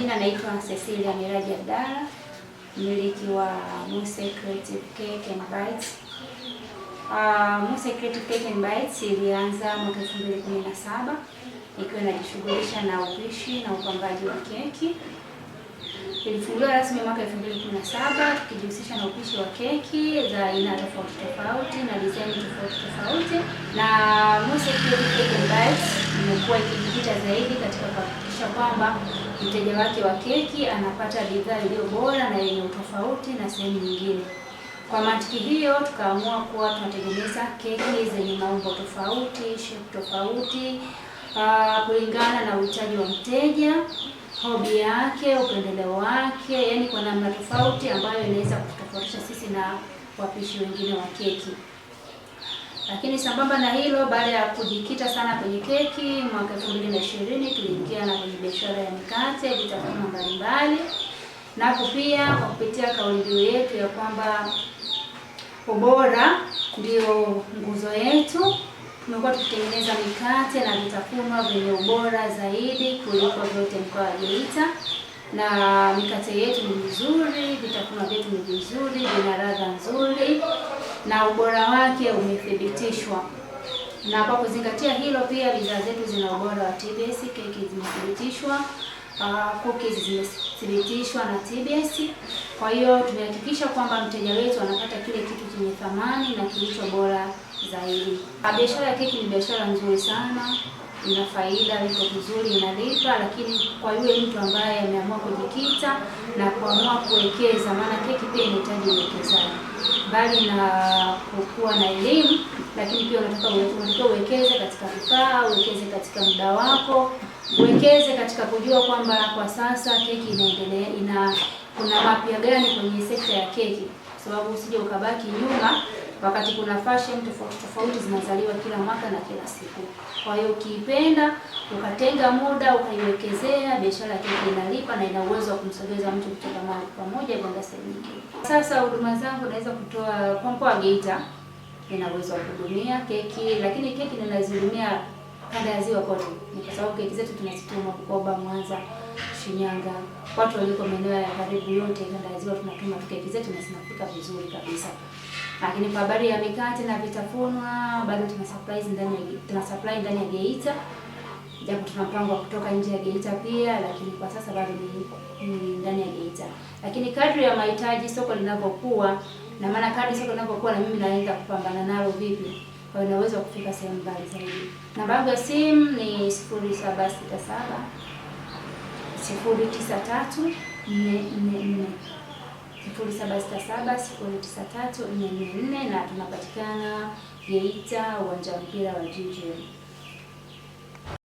majina naitwa Cecilia Miraji Abdalla, mmiliki wa Muse Creative Cake and Bites. Uh, ah, Muse Creative Cake and Bites ilianza mwaka 2017 ikiwa inajishughulisha na upishi na upambaji wa keki. Ilifunguliwa rasmi mwaka 2017 tukijihusisha na upishi wa keki za aina tofauti tofauti na design tofauti tofauti, na Muse Creative Cake and Bites imekuwa ikijikita zaidi katika kuhakikisha kwamba mteja wake wa keki anapata bidhaa iliyo bora na yenye utofauti na sehemu nyingine. Kwa mantiki hiyo, tukaamua kuwa tunatengeneza keki zenye maumbo tofauti, shape tofauti, uh, kulingana na uhitaji wa mteja, hobi yake, upendeleo wake, yani kwa namna tofauti ambayo inaweza kutofautisha sisi na wapishi wengine wa keki. Lakini sambamba na hilo, baada ya kujikita sana kwenye keki, mwaka 2020 tuliingia na kwenye biashara ya mikate, vitafunwa mbalimbali, na pia kwa kupitia kauli mbiu yetu ya kwamba ubora ndio nguzo yetu, tumekuwa tukitengeneza mikate na vitafunwa vyenye ubora zaidi kuliko vyote mkoa wa Geita na mikate yetu ni mizuri, vitafunwa vyetu ni vizuri, vina ladha nzuri na ubora wake umethibitishwa. Na kwa kuzingatia hilo, pia bidhaa zetu zina ubora wa TBS, keki zimethibitishwa, uh, cookies zimethibitishwa na TBS. Kwa hiyo tumehakikisha kwamba mteja wetu anapata kile kitu chenye thamani na kilicho bora zaidi. Ah, biashara ya keki ni biashara nzuri sana, ina faida, iko vizuri, inalipa, lakini kwa yule mtu ambaye ameamua kujikita na kuamua kuwekeza, maana keki pia inahitaji uwekezaji mbali na kukuwa na elimu, lakini pia unatakiwa uwekeze katika vifaa, uwekeze katika muda wako, uwekeze katika kujua kwamba kwa sasa keki inaendelea, ina kuna mapya gani kwenye sekta ya keki, kwa sababu usije ukabaki nyuma wakati kuna fashion tofauti tofauti zinazaliwa kila mwaka na kila siku. Kwa hiyo ukiipenda ukatenga muda ukaiwekezea biashara yake, inalipa na ina uwezo wa kumsogeza mtu kutoka mahali pamoja kwenda sehemu nyingine. Sasa huduma zangu naweza kutoa kwa mkoa wa Geita, nina uwezo wa kuhudumia keki, lakini keki ninazihudumia kanda ya ziwa kote, ni kwa sababu keki zetu tunazituma Bukoba, Mwanza, Shinyanga, watu waliko maeneo ya karibu yote kanda ya ziwa tunatuma tu keki zetu na zinafika vizuri kabisa. Lakini kwa habari ya mikate na vitafunwa bado tuna surprise ndani ya tuna supply ndani ya Geita japo tuna mpango wa kutoka nje ya Geita pia, lakini kwa sasa bado ni ndani ya Geita. Lakini kadri ya mahitaji soko linavyokuwa na maana, kadri soko linavyokuwa na mimi naenda kupambana nalo vipi, kwa hiyo naweza kufika sehemu mbali zaidi. Namba yangu ya simu ni sifuri saba sita saba sifuri tisa tatu nne nne nne sifuri saba sita saba sifuri tisa tatu nne nne nne na tunapatikana Geita, uwanja wa mpira wa JJ.